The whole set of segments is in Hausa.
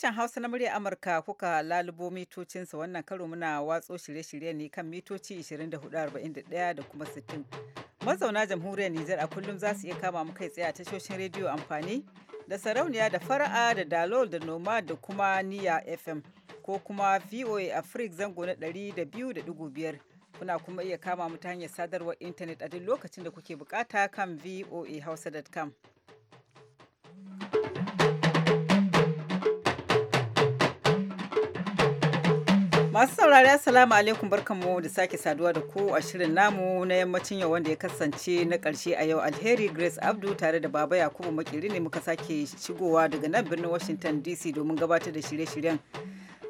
Sashen Hausa na murya Amurka kuka lalubo mitocinsa wannan karo muna watso shirye-shirye ne kan mitoci 24,41 da kuma 60. Mazauna jamhuriyar Nijar a kullum za su iya kama mu kai tsaye a tashoshin rediyo amfani da sarauniya da fara'a da dalol da noma da kuma niya FM ko kuma VOA Africa zango na 200.5 kuna kuma iya kama mu ta hanyar sadarwar intanet a duk lokacin da kuke bukata kan hausa.com Masu saurari Assalamu alaikum barkanmu da sake saduwa da ku a shirin namu na yammacin yau wanda ya kasance na karshe a yau alheri Grace Abdu tare da Baba Yakubu Makiri ne muka sake shigowa daga nan birnin Washington DC domin gabatar da shirye-shiryen.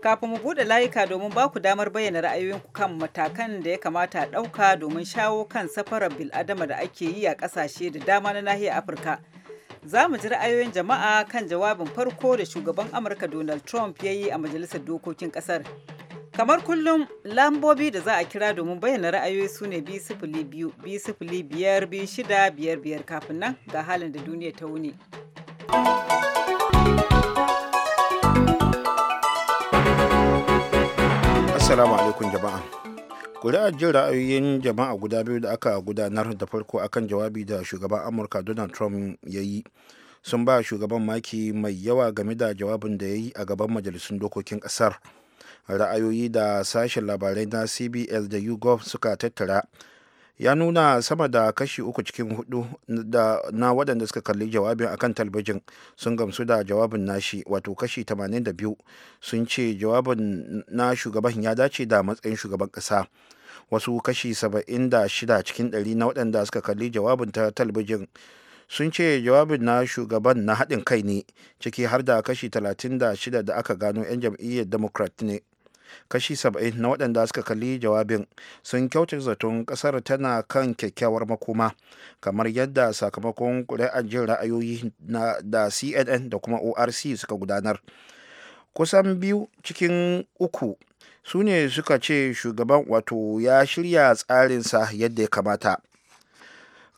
Kafin mu bude layuka domin ba ku damar bayyana ra'ayoyinku kan matakan da ya kamata a ɗauka domin shawo kan safarar bil'adama da ake yi a ƙasashe da dama na nahiyar Afirka. za mu ji ra'ayoyin jama'a kan jawabin farko da shugaban amurka donald trump ya yi a majalisar dokokin kasar Kamar kullum lambobi da za a kira domin bayyana ra'ayoyi su ne biyar biyar kafin nan ga halin da duniya ta wuni. Assalamu alaikum jama'a. Kuri'ar jin ra'ayoyin jama'a guda biyu da aka gudanar da farko akan jawabi da shugaban Amurka Donald Trump ya yi. sun ba shugaban maki mai yawa game da jawabin da ya yi a gaban majalisun dokokin kasar ra'ayoyi da sashen labarai na cbs da YouGov suka tattara ya nuna sama da kashi uku cikin hudu na waɗanda suka kalli jawabin akan talabijin sun gamsu da jawabin nashi wato kashi 82 sun ce jawabin na shugaban ya dace da matsayin shugaban ƙasa wasu kashi 76 cikin 100 na waɗanda suka kalli jawabin ta talabijin sun ce jawabin na shugaban na haɗin kai ne ciki har da kashi 36 da aka gano 'yan jam'iyyar democrat ne kashi 70 na waɗanda suka kalli jawabin sun kyauta zaton ƙasar tana kan kyakkyawar makoma kamar yadda sakamakon ƙuri'ar jin ra'ayoyi da cnn da kuma orc suka gudanar kusan biyu cikin uku su ne suka ce shugaban wato ya shirya tsarinsa yadda ya kamata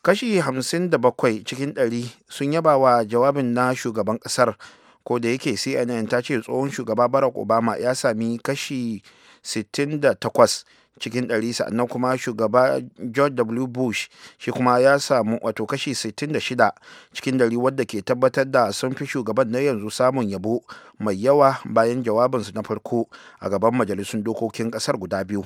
kashi 57 cikin 100 sun yaba wa jawabin na shugaban ƙasar ko da yake cnn ta ce tsohon shugaba barack obama ya sami kashi 68 cikin 100 sannan kuma shugaba george w bush shi kuma ya samu wato kashi 66 cikin ɗari wadda ke tabbatar da sun fi shugaban na yanzu samun yabo mai yawa bayan jawabinsu na farko a gaban majalisun dokokin kasar guda biyu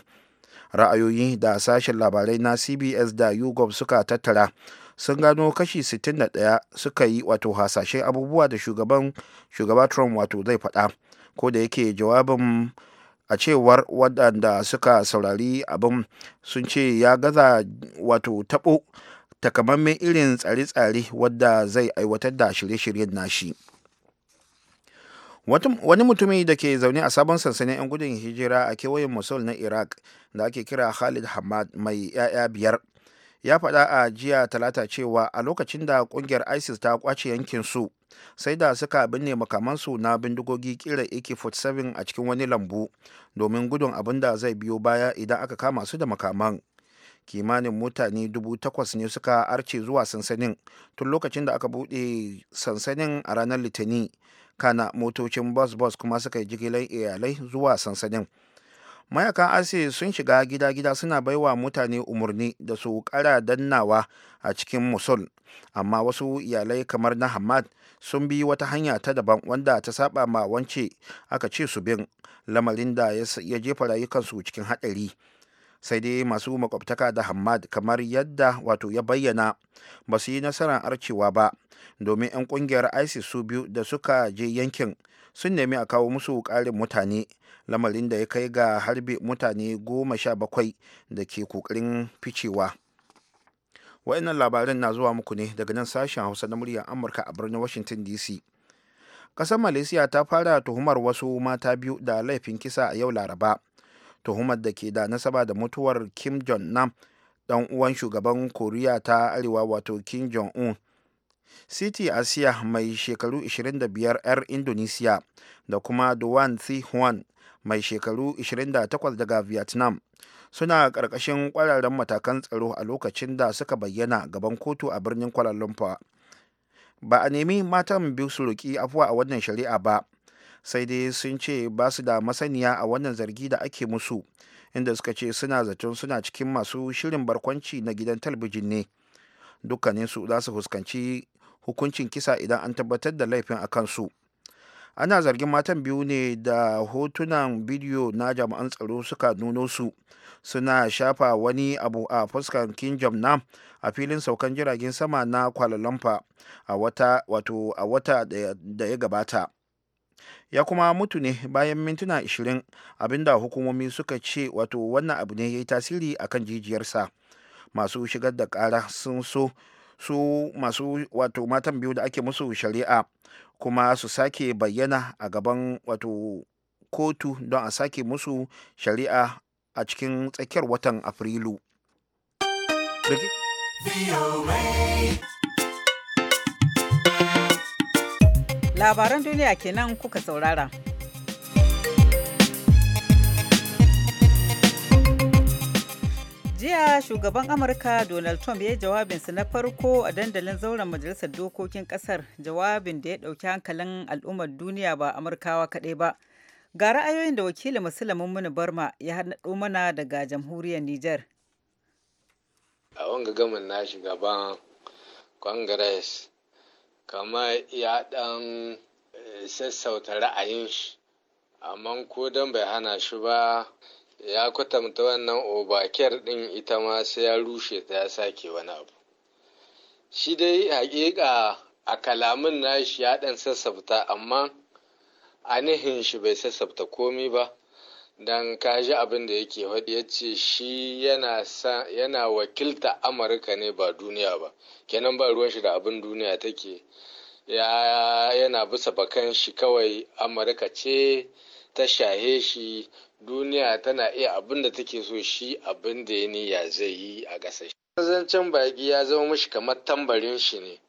ra'ayoyi da sashen labarai na cbs da youtube suka tattara sun gano kashi 61 suka yi wato hasashen abubuwa da shugaban shugaba trump wato zai faɗa ko da yake jawabin a cewar waɗanda suka saurari abin sun ce ya gaza wato taɓo takamammen irin tsare-tsare wadda zai aiwatar da shirye-shiryen nashi wani mutumi da ke zaune a sabon sansanin 'yan gudun hijira a kewayen musul na iraq da ake kira khalid hamad mai 'ya'ya biyar ya faɗa a jiya talata cewa a lokacin da ƙungiyar isis ta kwace yankin su sai da suka binne makamansu na bindigogi kira ak-47 a cikin wani lambu domin gudun abin da zai biyo baya idan aka kama su da makaman kimanin mutane dubu takwas ne suka arce zuwa sansanin tun lokacin da aka buɗe sansanin a ranar litinin kana motocin bus bus kuma suka yi jigilar iyalai zuwa sansanin mayakan ase sun shiga gida-gida suna baiwa mutane umarni da su kara dannawa a cikin musul amma wasu iyalai kamar na hamad sun bi wata hanya ta daban wanda ta saba ma wance aka ce su bin lamarin da ya jefa rayukansu cikin haɗari sai dai masu makwabtaka da hamad kamar yadda wato ya bayyana ba su yi nasarar arcewa ba domin 'yan kungiyar isis su biyu da suka je yankin sun nemi a kawo musu ƙarin mutane lamarin da ya kai ga harbe mutane goma sha bakwai da ke kokarin ficewa wa'annan labarin na zuwa muku ne daga nan sashen hausa na muryar amurka a birnin washington dc ƙasar malaysia ta fara tuhumar wasu mata biyu da laifin kisa a yau laraba tuhumar da ke da nasaba da mutuwar kim jong nam dan uwan shugaban koriya ta arewa wato kim jong un city asia mai shekaru 25 'yar Indonesiya da kuma Doan Thi Huan mai shekaru 28 daga Vietnam suna ƙarƙashin ƙwararren matakan tsaro a lokacin da suka bayyana gaban kotu a birnin Kuala Lumpur. Ba a nemi matan biyu su roƙi afuwa a wannan shari'a ba, sai dai sun ce ba su da masaniya a wannan zargi da ake musu, inda suka ce suna zaton suna cikin masu shirin barkwanci na gidan talabijin ne. Dukkaninsu za su fuskanci hukuncin kisa idan an tabbatar da laifin a kansu ana zargin matan biyu ne da hotunan bidiyo na jami'an tsaro suka nuno su suna shafa wani abu a fuskar kingdom nam a filin saukan jiragen sama na kwalalampa a wata wato a wata da ya gabata ya kuma mutu ne bayan mintuna 20 abinda hukumomi suka ce wato wannan abu ne ya yi tasiri akan jijiyarsa masu shigar da kara sun so su masu wato matan biyu da ake musu shari'a kuma su sake bayyana a gaban wato kotu don a sake musu shari'a a cikin tsakiyar watan afrilu labaran duniya kenan kuka saurara jiya shugaban amurka donald trump ya yi jawabinsa na farko a dandalin zauren majalisar dokokin kasar jawabin da ya dauki hankalin al'ummar duniya ba amurkawa kaɗai ba ga ra'ayoyin da wakilin musulmin muni barma ya haɗo mana daga jamhuriyar niger a wanga gamin na shugaban congress kama ya ɗan eh, sassauta ra'ayin shi amma ko don bai hana shi ba ya kwatanta wannan obakiyar ɗin ita ma sai ya rushe ta ya sake wani abu shi dai hakika a kalamin nashi ya dan sassabta amma a nihin shi bai sassabta komi ba don kaji abin da yake faɗi ya ce shi yana wakilta amurka ne ba duniya ba kenan ba ruwan shi da abin duniya take ya yana bisa bakan shi kawai amurka ce ta shahe shi duniya tana iya abin da take so shi abin da ya niyya zai yi a ƙasar shi. zancen baƙi ya zama mashi kamar tambarin shi ne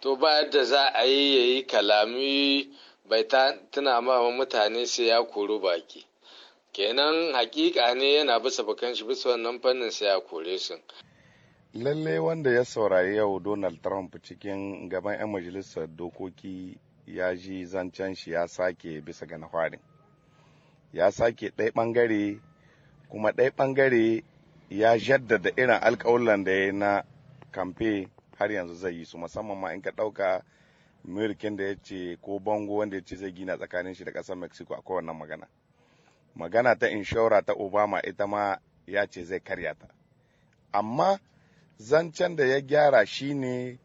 to ba yadda za a yi ya yi kalami bai tuna ma mutane sai ya kori baki. kenan hakika ne yana bisa bakan shi bisa wannan fannin sai ya kore su lalle wanda ya saurari yau donald trump cikin gaban 'yan majalisar dokoki ya ji zancen shi ya sake bisa ga na ya sake ɗai ɓangare kuma ɗai ɓangare ya jaddada irin alkawulan da ya na kamfe har yanzu zai yi su musamman ma in ka ɗauka mirkin da ya ce ko bango wanda ya ce zai gina tsakanin shi da ƙasar mexico a kowane magana magana ta inshora ta obama ita ma ya ce zai karya ta amma zancen da ya gyara shine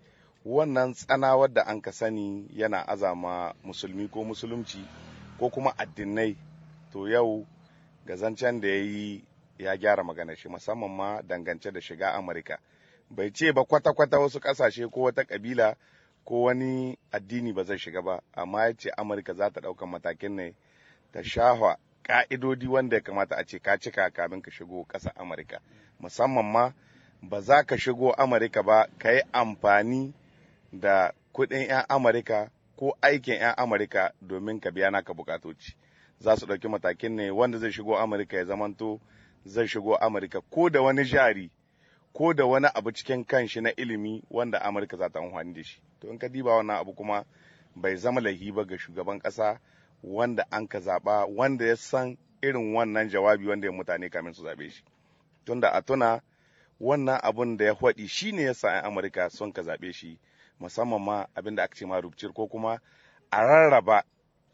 wannan tsana wadda an ka sani yana azama musulmi ko musulunci ko kuma addinai to yau ga zancen da ya yi ya gyara magana shi musamman ma dangance da shiga amurka bai ce ba kwata-kwata wasu kasashe ko wata kabila ko wani addini ba zai shiga ba amma ya ce amurka za ta ɗaukan matakin ne ta shahwa ka'idodi wanda ya kamata a ce ka cika kamin ka shigo kasa amurka musamman ma ba za ka shigo amurka ba ka yi amfani da kuɗin 'yan amurka ko aikin 'yan amurka domin ka biya naka bukatoci za su ɗauki matakin ne wanda zai shigo amurka ya zamanto zai shigo amurka ko da wani jari ko da wani abu cikin kanshi na ilimi wanda amurka za ta amfani da shi to in ka diba wannan abu kuma bai zama lahi ba ga shugaban ƙasa wanda an ka zaɓa wanda ya san irin wannan jawabi wanda ya mutane kamin su zaɓe shi tunda a tuna wannan abun da ya faɗi shine yasa sa amurka sun ka zaɓe shi musamman ma abin da aka ce ma rubcir ko kuma a rarraba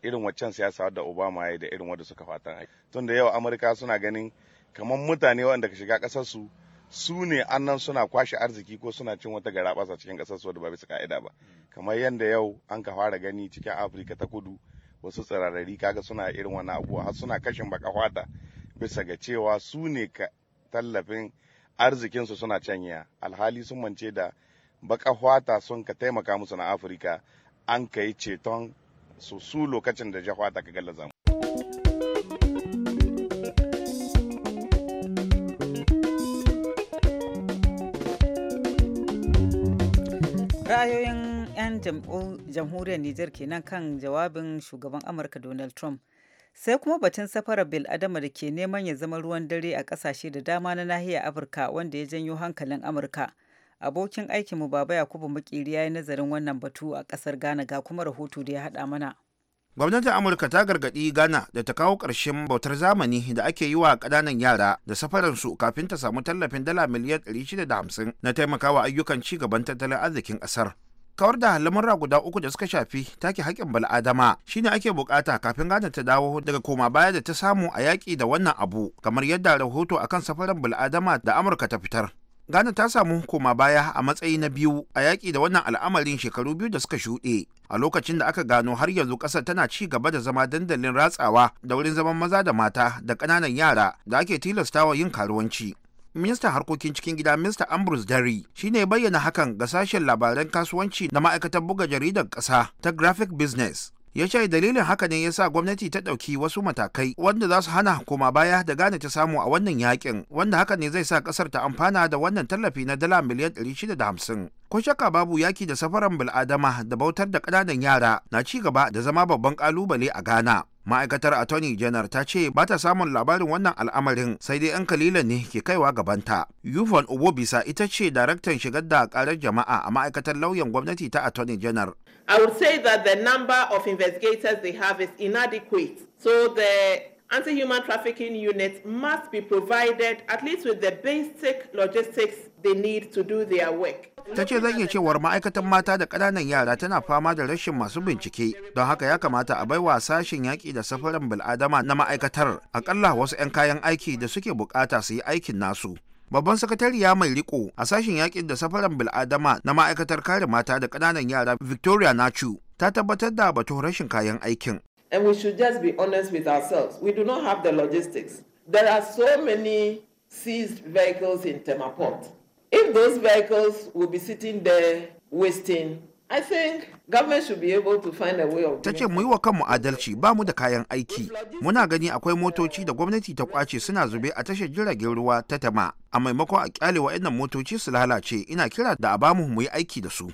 irin waccan siyasa da obama ya yi da irin wadda suka fatan aiki tun da yau amurka suna ganin kamar mutane waɗanda ka shiga kasarsu su ne annan suna kwashe arziki ko suna cin wata gara basa cikin ƙasarsu wadda ba bisa ka'ida ba kamar yadda yau an ka fara gani cikin afirka ta kudu wasu tsirarari kaga suna irin wani abuwa har suna kashin baka fata bisa ga cewa su ne ka tallafin arzikinsu suna canya alhali sun mance da baka fata sun ka taimaka musu na afirka an ka yi ceton su su lokacin da jahwa ta ka gallaza ra'ayoyin 'yan jamhuriyar Nijar kenan kan jawabin shugaban Amurka Donald Trump. Sai kuma batun safarar Bill Adama da ke neman ya zama ruwan dare a ƙasashe da dama na nahiyar Afirka wanda ya janyo hankalin Amurka. abokin aikinmu baba yakubu makeri ya yi nazarin wannan batu a kasar ghana ga kuma rahoto da ya haɗa mana gwamnatin amurka ta gargaɗi ghana da ta kawo ƙarshen bautar zamani da ake yi wa ƙananan yara da safararsu kafin ta samu tallafin dala miliyan 650 na taimakawa ayyukan ci gaban tattalin arzikin ƙasar kawar da lamurra guda uku da suka shafi take haƙƙin bal'adama shine ake bukata kafin gane ta dawo daga koma baya da ta samu a yaƙi da wannan abu kamar yadda rahoto akan safaran bal'adama da amurka ta fitar Ghana ta samu hukuma baya a matsayi na biyu a yaƙi da wannan al'amarin shekaru biyu da suka shuɗe. A lokacin da aka gano har yanzu ƙasar tana ci gaba da zama dandalin ratsawa da wurin zaman maza da mata da ƙananan yara da ake tilastawa yin karuwanci. Ministan harkokin cikin gida Mr. Ambrose Derry shi ne bayyana hakan ga sashen labaran kasuwanci na ma'aikatar buga jaridar ƙasa ta Graphic Business. ya ce dalilin haka ne ya sa gwamnati ta ɗauki wasu matakai wanda za su hana koma baya da gane ta samu a wannan yakin wanda haka ne zai sa ƙasar ta amfana da wannan tallafi na dala miliyan 650 ko shakka babu yaki da safaran bil'adama da bautar da ƙananan yara na ci gaba da zama babban ƙalubale a ghana ma'aikatar attorney general ta ce ba ta samun labarin wannan al'amarin sai dai yan kalilan ne ke kaiwa gabanta yufan obobisa ita ce daraktan shigar da karar jama'a a ma'aikatar lauyan gwamnati ta attorney general i would say that the number of investigators they have is inadequate so the anti-human trafficking unit must be provided at least with the basic logistics they need to do their work ta ce zan iya cewar ma'aikatan mata da ƙananan yara tana fama da rashin masu bincike don haka ya kamata a baiwa sashen yaƙi da safaran bil'adama na ma'aikatar akalla wasu 'yan kayan aiki da suke bukata su yi aikin nasu babban sakatariya mai riko a sashen yaƙin da safaran bil'adama na ma'aikatar kare mata da ƙananan yara victoria nachu ta tabbatar da batun rashin kayan aikin and we should just be honest with ourselves we do not have the logistics there are so many seized vehicles in tema If those vehicles will be sitting there wasting, I think government should be able to find a way of Ta ce mu yi wa kanmu adalci ba mu da kayan aiki. Muna gani akwai motoci da gwamnati ta kwace suna zube a tashar jiragen ruwa ta tama. A maimakon a kyale wa'annan motoci su lalace ina kira da a bamu mu yi aiki da su.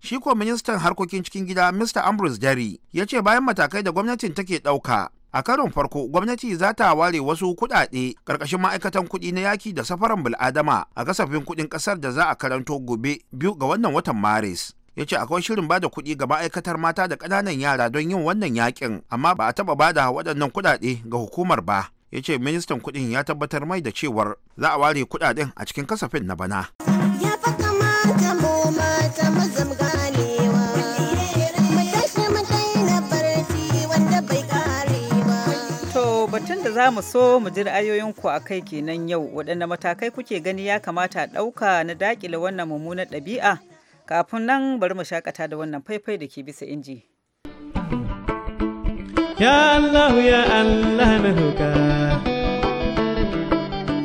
Shi ministan harkokin cikin gida Mr. Ambrose Derry ya ce bayan matakai da gwamnatin take ɗauka a karon farko gwamnati za ta ware wasu kuɗaɗe ƙarƙashin ma'aikatan kuɗi na yaki da safaran bil'adama a kasafin kuɗin ƙasar da za a karanto gobe biyu ga wannan watan maris ya ce akwai shirin bada kuɗi ga ma'aikatar mata da ƙananan yara don yin wannan yakin amma ba a taɓa bada waɗannan kuɗaɗe ga hukumar ba ya ce ministan kuɗin ya tabbatar mai da cewar za a ware kuɗaɗen a cikin kasafin na bana. za mu so mu ji ra'ayoyinku a kai kenan yau waɗanne matakai kuke gani ya kamata a ɗauka na daƙile wannan mummunar ɗabi'a kafin nan bari mu shakata da wannan faifai da ke bisa inji. Ya Allah ya Allah na roƙa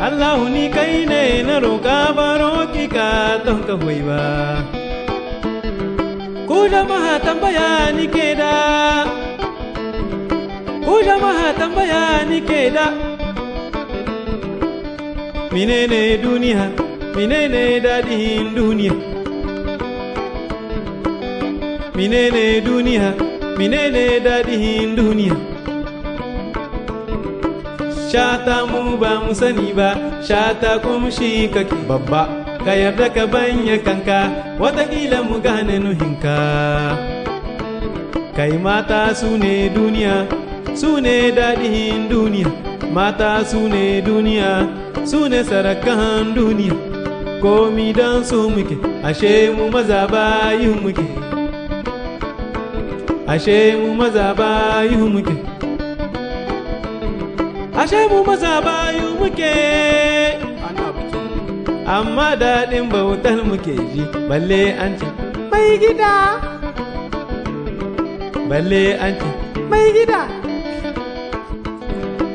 Allah ni kai ne na roƙa ba, roƙi ka don ka ba Ku jama'a tambaya ni ke da ku jama'a tambaya ni ke da menene duniya menene dadihin duniya menene duniya menene dadihin duniya shata mu ba sani ba shata kuma shi kake babba ka yarda ka banya kanka watakila mu gane nuhinka kai mata su ne duniya su ne daɗin duniya mata su ne duniya su ne sarakan duniya komi don su muke ashe mu maza bayin muke ashe mu maza bayin muke ashe mu maza bayin muke amma daɗin bautar muke ji balle an ce mai gida balle an ce mai gida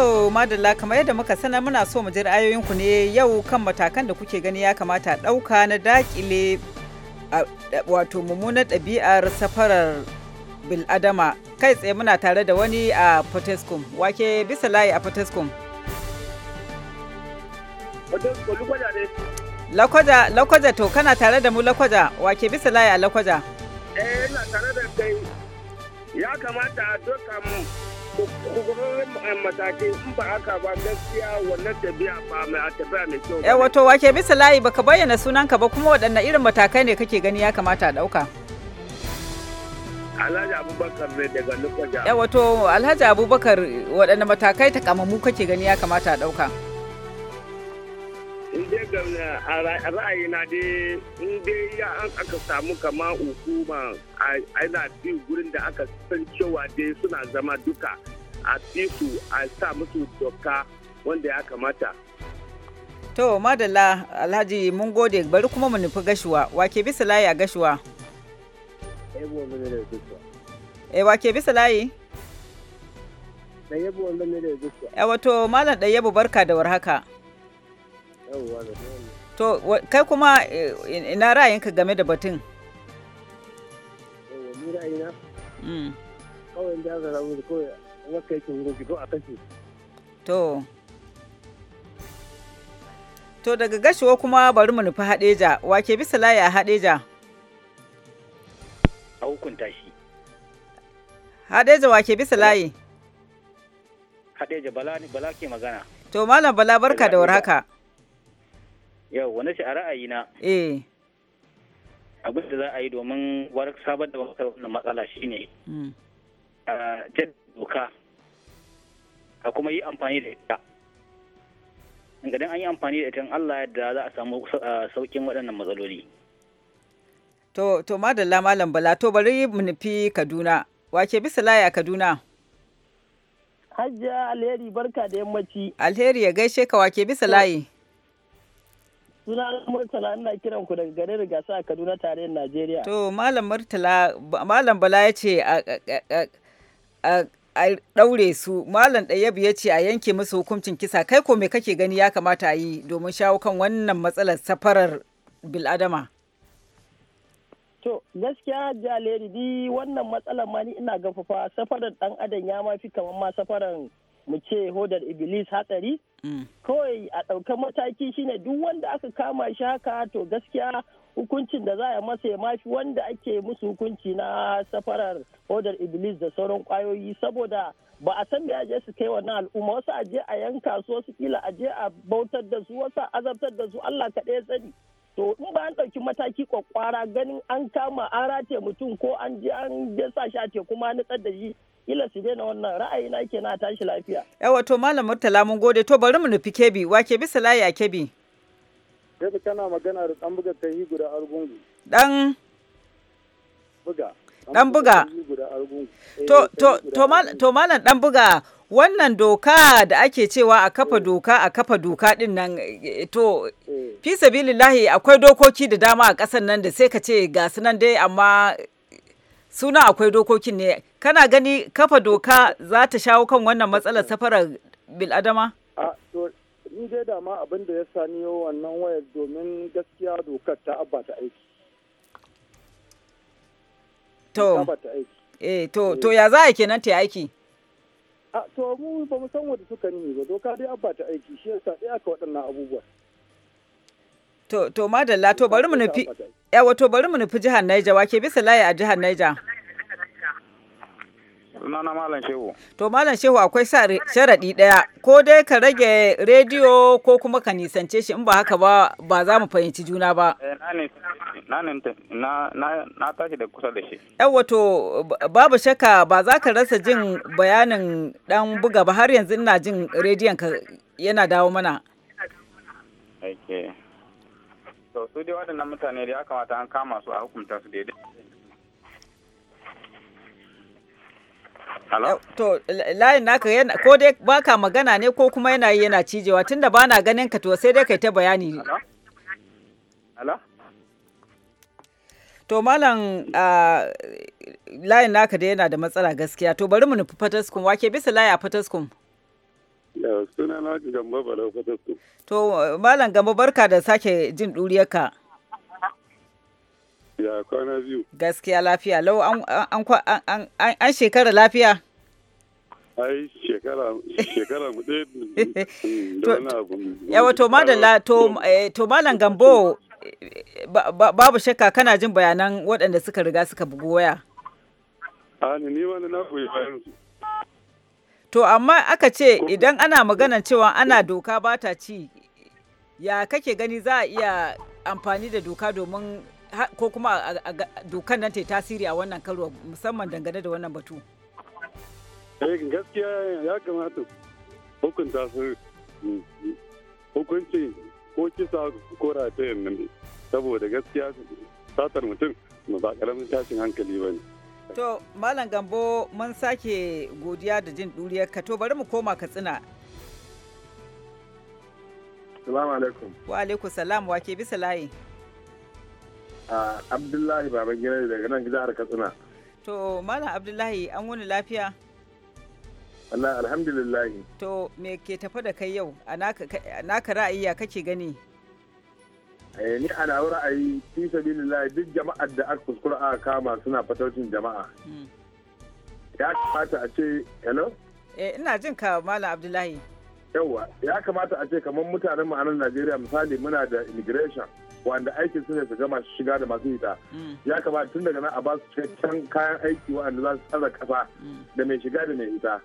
yau madalla kamar yadda muka sana muna so mu ji ra'ayoyinku ne yau kan matakan da kuke gani ya kamata ɗauka na dakile wato mummunar ɗabi'ar safarar biladama kai tsaye muna tare da wani a potescom wake bisa layi a potescom lakwaja lakwaja to kana tare da mu lakwaja wake bisa layi a lakwaja eh ina tare da kai ya kamata a doka mu matakai ba Eh wato wake bisa layi baka bayyana sunanka ba kuma waɗanne irin matakai ne kake gani ya kamata a ɗauka. Alhaji Abubakar ne daga Nufaja. Eh wato Alhaji Abubakar waɗanne matakai ta kamamu kake gani ya kamata a ɗauka. Eh, a ra'ayina dai in dai ya an aka samu kama hukuma a yana bi gurin da aka san cewa dai suna zama duka a fi su a sa musu doka wanda ya kamata. To madalla Alhaji mun gode bari kuma mu nufi gashuwa wake bisa layi a gashuwa. E wake bisa layi? Ɗayyabu wanda ne da gashuwa. E wato malam Ɗayyabu barka da warhaka. haka. To, kai kuma eh, ina ra'ayinka game da batun? Mm. To. To daga gashiwa kuma bari mu nufi haɗeja, wake bisa layi a haɗeja? A hukunta shi. Haɗeja wake bisa layi? Haɗeja bala ne bala ke magana. To Malam Bala barka da warhaka. haka. yau wani shi a na eh abin da za a yi domin warar sabar da wannan matsala shine hmm. a jan doka a kuma yi amfani da ita idan an yi amfani da ita Allah yadda za a samu saukin waɗannan matsaloli to to madalla malam bala to bari mu nufi Kaduna wake bisa laya Kaduna hajjia Alheri barka da yammaci. Alheri ya gaishe ka wake bisa layi. suna murtala ina kiran ku daga garin rigasa a kaduna tarayyar najeriya to malam murtala malam bala ya ce a ɗaure su malam ɗayabu ya ce a yanke musu hukuncin kisa kai ko me kake gani ya kamata a yi domin shawo kan wannan matsalar safarar biladama to gaskiya jaleri di wannan matsalar ma ni ina gafafa safarar ɗan adam ya mafi kamar ma safarar mu ce hodar iblis hatsari mm. kawai a ɗaukar mataki shine duk wanda aka kama shi haka to gaskiya hukuncin da za a masa ya mafi wanda ake musu hukunci na safarar hodar iblis da sauran kwayoyi saboda ba a san ya je su kai wannan al'umma wasu aje a yanka su wasu kila aje a bautar da su wasu azabtar da su Allah kaɗai ya sani to in ba an ɗauki mataki kwakwara ganin an kama an rataye mutum ko an je an je sa shi a teku ma nutsar da shi kila su daina wannan ra'ayi na ke na tashi lafiya. Yawa to Malam Murtala mun gode to bari mu nufi Kebi wake bisa layi a Kebi. Kebi kana magana da ɗan buga kai guda argungu. Ɗan? buga. Ɗan buga. Eh, to malam ɗan buga wannan doka da ake cewa a kafa eh. doka a kafa doka din nan eh, to fi sabilillahi akwai dokoki da dama a ƙasar nan da sai ka ce ga su nan dai amma suna akwai dokokin ne kana gani kafa doka za ta shawo kan wannan matsalar safarar biladama? ni dai dama abin da ya saniyo wannan wayar domin gaskiya dokar ta abba aiki to eh to to eh. ya za a kenan ta aiki a to mu ba mu san wanda suka ni ba doka dai abba aiki shi yasa dai aka waɗannan abubuwa To, to madalla to bari mu nufi yawa to bari mu nufi jihar Naija wake bisa layi a jihar Naija. Sunana Malam Shehu. To Malam Shehu akwai sharaɗi ɗaya ko dai ka rage rediyo ko kuma ka nisance shi in ba haka ba ba za mu fahimci juna ba. Eh, na tashi da kusa da shi. Yawa to babu shakka ba za ka rasa jin bayanin ɗan buga ba har yanzu ina jin rediyon ka yana dawo mana. Okay. to su dai waɗannan mutane da ya kamata an kama su a hukunta su daidai To layin naka yana ko dai baka magana ne ko kuma yana yi yana cijewa tunda ba na ganin ka to sai dai kai ta bayani. To malam layin naka da yana da matsala gaskiya to bari mu nufi fataskun wake bisa layi a fataskun. suna na gamba bala To malam gamba barka da sake jin ɗuriyarka. Ya kwana biyu. Gaskiya lafiya lau an shekara lafiya. ai shekara shekara mu madalla to eh, to malam gambo babu shakka kana jin bayanan waɗanda suka riga suka bugu waya a ni wani na koyi bayan su To amma aka ce idan ana magana cewa ana doka ba ta ci ya kake gani za a iya amfani da doka domin ko kuma dokan nan ta tasiri a wannan karo musamman dangane da wannan batu. Eh, gaskiya ya kamata hukunta su mm, mm, hukunci ko kisa ko ratayen nan saboda gaskiya satar mutum ba karamin tashin hankali ba ne. To, Malam Gambo mun sake godiya da jin ka to bari mu koma Katsina. Salamu alaikum. Wa alaikum salam wa ke bisa layi. Ah, Abdullahi baban gida daga nan jihar Katsina. To, Malam Abdullahi an wuni lafiya? Allah alhamdulillahi. To, me ke tafi da kai yau? A naka ra'ayi ya kake gani? Eh, ni a na ra'ayi fi lai duk jama'ar da aka kuskura aka kama suna fatocin jama'a hmm. ya kamata a ce hello eh, ina jin ka malam abdullahi Yawwa, ya kamata a ce kamar mutanen mu a nan Najeriya misali muna da immigration wanda aikin su ne su gama shiga da masu hita hmm. ya kamata tun daga nan a ba su cikakken kayan aiki wanda za su tsara kafa hmm. da mai shiga da mai hita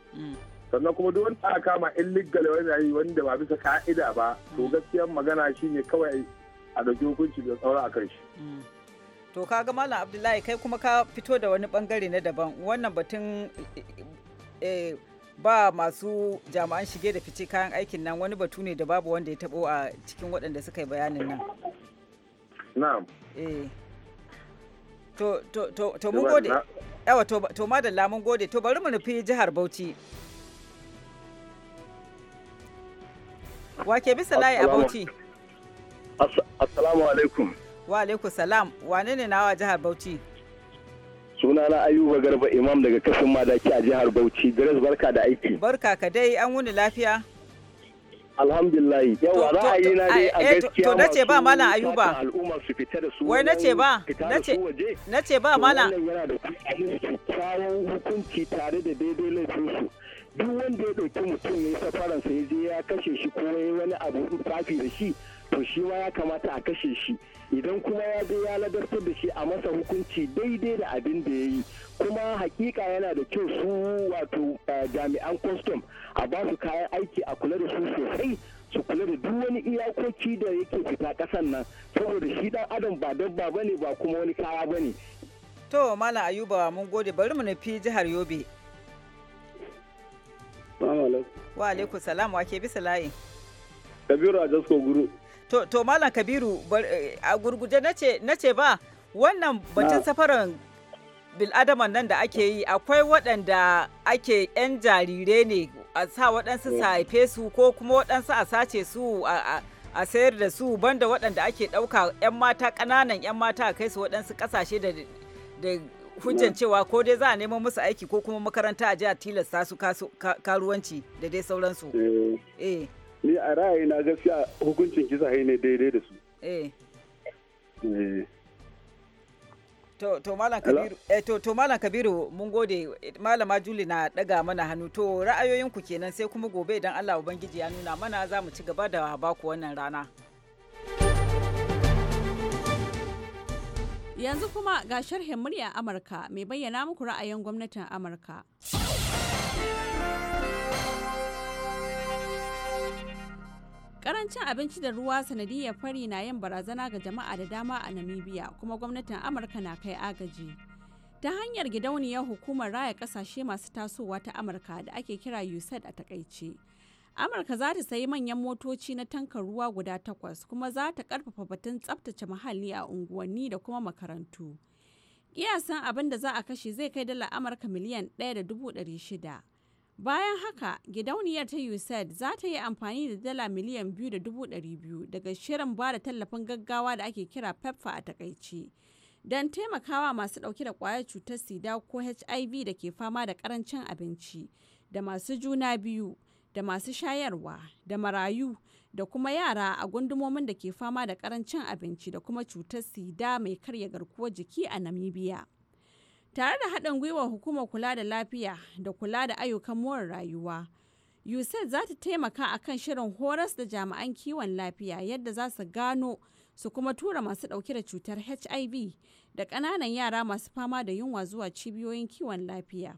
sannan kuma duk wanda aka kama illegal wanda yi wanda ba bisa ka'ida ba to gaskiyan magana shine kawai a ɗauki hukunci da tsaura a kan shi. Mm. To ka ga Malam Abdullahi kai kuma ka fito da wani bangare na daban wannan batun eh, eh, ba masu jami'an shige da fice kayan aikin nan wani batu ne da babu wanda ya tabo a cikin waɗanda suka yi bayanin nan. Na'am. Eh. To to to to mun gode. Yawa to to madalla mun gode to bari mu nufi jihar Bauchi. Wake bisa layi a Bauchi. Assalamu alaikum. Wa alaikum salam. Wane ne nawa jihar Bauchi? Sunana Ayuba Garba Imam daga kasin madaki a jihar Bauchi. Grace barka da aiki. Barka ka dai an wuni lafiya. Alhamdulillah. Yawa ra'ayi na dai a eh, gaskiya to nace ba malam Ayuba. Al'umma su fita da su. Wai nace ba. Nace nace ba malam. Yana da hukunci tare da daidai laifin su. Duk wanda ya ɗauki mutum ne safaransa ya je ya kashe shi ko wani abu fafi da shi to shi ma ya kamata a kashe shi idan kuma ya je ya ladartar da shi a masa hukunci daidai da abin da ya yi kuma hakika yana da kyau su wato eh, jami'an kwastom a ba su kayan aiki a kula da su sosai su kula da duk wani iyakoki da yake fita kasan nan saboda shi dan adam ba dabba bane ba kuma wani kaya ne. to mala ayuba mun gode bari mu nufi jihar yobe wa alaikum salam wa ke bisa layi kabiru a jasko guru to, malam kabiru eh, a gurguje na ce ba wannan batun safaran bil'adaman nan da ake yi akwai waɗanda ake 'yan jarire ne a sa waɗansu sa eh. haife su ko kuma waɗansu a sace su a sayar da su banda waɗanda ake ɗauka 'yan mata ƙananan 'yan mata kai su waɗansu ƙasashe da hujjan cewa ko dai za a nemo musu aiki ko kuma makaranta a ji tilasta su karuwanci da dai sauransu. Eh. eh. ni a ra'ayina gaskiya hukuncin kisa ne daidai da su eh. Eh. Eh, To, to Malam Kabiru, mun gode Malama Juli na daga mana hannu to ra'ayoyinku kenan sai kuma gobe idan Allah Ubangiji ya nuna mana za mu ci gaba da baku wannan rana. Yanzu kuma ga sharhin murya Amurka mai bayyana muku ra'ayin gwamnatin Amurka. Karancin abinci da ruwa sanadiyar fari na yin barazana ga jama'a da dama a Namibia kuma gwamnatin Amurka na kai agaji. Ta hanyar gidauniyar hukumar raya kasashe masu tasowa ta Amurka da ake kira USAID a takaice. Amurka za ta sayi manyan motoci na tankar ruwa guda takwas kuma za ta karfafa batun tsabtace muhalli a unguwanni da kuma makarantu. Kiyasan abin da za a kashe zai kai dala Amurka miliyan shida. Bayan haka, gidauniyar ta USAID za ta yi amfani da dala miliyan 2.200 daga shirin ba da tallafin gaggawa da ake kira pepfa a takaice. Don taimakawa masu ɗauke da ƙwayar cutar sida ko HIV da ke fama da ƙarancin abinci, da masu juna biyu, da masu shayarwa, da marayu, da kuma yara a gundumomin da ke fama da ƙarancin abinci da kuma cutar sida mai karya garkuwar jiki a Namibia. tare da haɗin gwiwar hukumar kula da lafiya da kula da ayyukan more rayuwa usaid za ta taimaka a kan shirin horas da jami'an kiwon lafiya yadda za su gano su kuma tura masu ɗauke da cutar hiv da ƙananan yara masu fama da yunwa zuwa cibiyoyin kiwon lafiya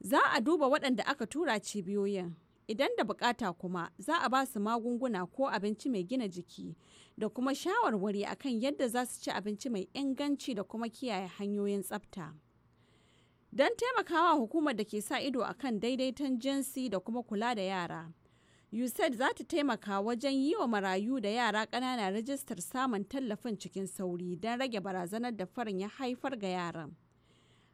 za a duba waɗanda aka tura cibiyoyin idan da bukata kuma za a ba su magunguna ko abinci mai gina jiki da kuma shawarwari akan yadda za su ci abinci mai inganci da kuma kiyaye hanyoyin tsafta don taimakawa hukumar da ke sa ido a kan daidaiton jinsi da kuma kula da yara usaid za ta taimaka wajen yi wa marayu da yara ƙanana rajistar samun tallafin cikin sauri don rage barazanar da farin ya haifar ga yaran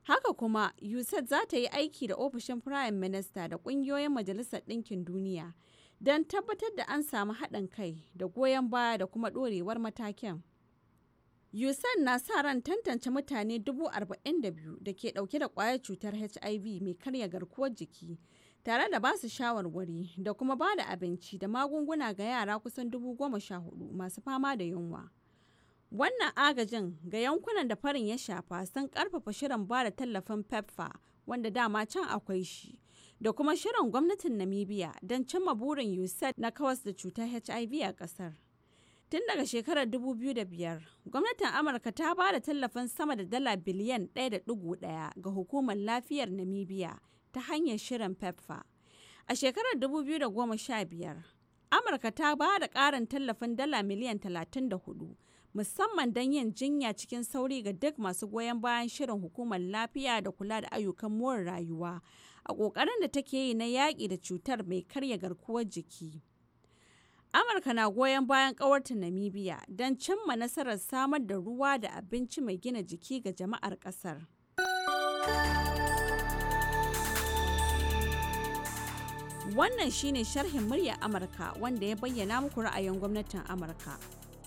Haka kuma, USAID za ta yi aiki da ofishin Prime Minister da ƙungiyoyin Majalisar Ɗinkin Duniya don tabbatar da an samu haɗin kai da goyon baya da kuma ɗorewar matakin. USAID na sa ran tantance mutane 42,000 da ke ɗauke da ƙwayar cutar HIV mai karya garkuwar jiki, tare da ba su shawarwari da kuma ba da abinci da magunguna ga yara kusan 14,000 masu fama da yunwa. Wannan agajin ga yankunan da farin ya shafa sun karfafa shirin ba da tallafin PEPFAR wanda dama can akwai shi da kuma shirin gwamnatin Namibia don cimma burin USAID na kawas da cutar HIV a kasar. Tun daga shekarar 2005, gwamnatin Amurka ta ba da tallafin sama da dala biliyan 1.1 ga hukumar lafiyar Namibia ta hanyar shirin PEPFAR. A shekarar 2015, Amurka ta ba da ƙarin tallafin dala miliyan 34 musamman don yin jinya cikin sauri ga duk masu goyon bayan shirin hukumar lafiya da kula da ayyukan more rayuwa a ƙoƙarin da take yi na yaƙi da cutar mai karya garkuwar jiki. Amurka na goyon bayan ƙawarta Namibia don cimma nasarar samar da ruwa da abinci mai gina jiki ga jama'ar ƙasar. Wannan shine sharhin muryar Amurka wanda ya bayyana muku ra'ayin gwamnatin Amurka.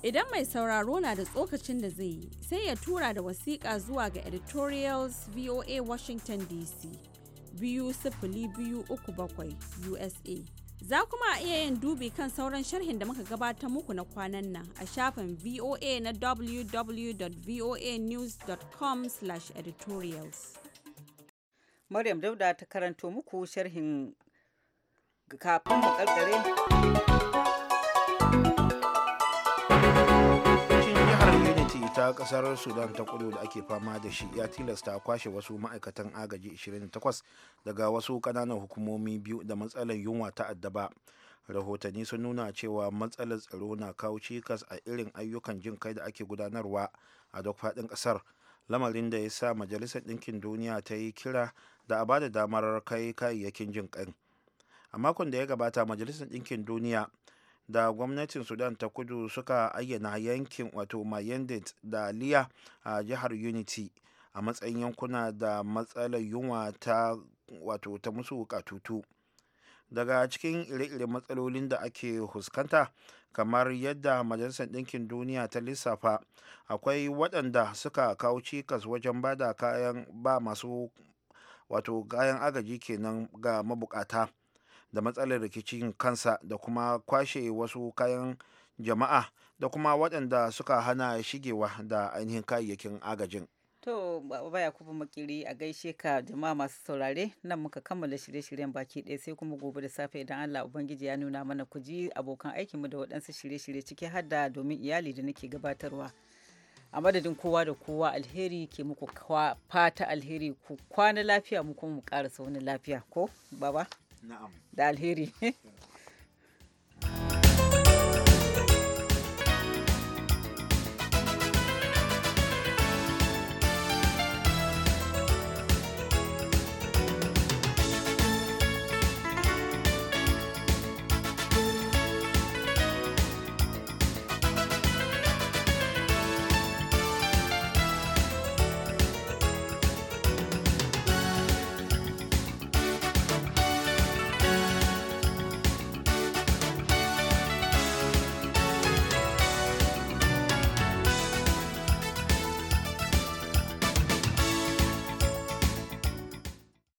Idan mai sauraro na da tsokacin da zai yi, sai ya tura da wasiƙa zuwa ga editorials VOA Washington DC biyu sifili biyu uku bakwai USA. Za kuma a iya yin dubi kan sauran sharhin da muka gabata muku na kwanan nan a shafin VOA na www.voanews.com/editorials. Maryam Dauda ta karanto muku sharhin kafin mu karkare. kasar sudan ta kudu da ake fama da shi ya tilasta kwashe wasu ma'aikatan agaji 28 daga wasu kananan hukumomi biyu da matsalar yunwa ta addaba rahotanni sun nuna cewa matsalar tsaro na kawo cikas a irin ayyukan jin kai da ake gudanarwa a duk faɗin ƙasar lamarin da ya sa majalisar ɗinkin duniya ta yi kira da a ba da damar kai kayayyakin jin kai a makon da ya gabata majalisar ɗinkin duniya da gwamnatin sudan ta kudu suka ayyana yankin wato mayendit da liya a jihar unity a matsayin yankuna da matsalar yunwa ta wato ta musu katutu daga cikin ire-ire matsalolin da ake huskanta kamar yadda majalisar ɗinkin duniya ta lissafa akwai waɗanda suka kawo cikas wajen ba da kayan ba masu wato kayan agaji kenan ga mabukata da matsalar rikicin kansa da kuma kwashe wasu kayan jama'a da kuma waɗanda suka hana shigewa da ainihin kayayyakin agajin. To baya kuma makiri a gaishe ka jama'a masu saurare nan muka kammala shirye-shiryen baki ɗaya sai kuma gobe da safe idan Allah Ubangiji ya nuna mana ku ji abokan aikinmu da waɗansu shirye-shirye ciki har da domin iyali da nake gabatarwa. A madadin kowa da kowa alheri ke muku fata alheri ku kwana lafiya mu kuma mu ƙara wani lafiya ko baba? نعم الهيري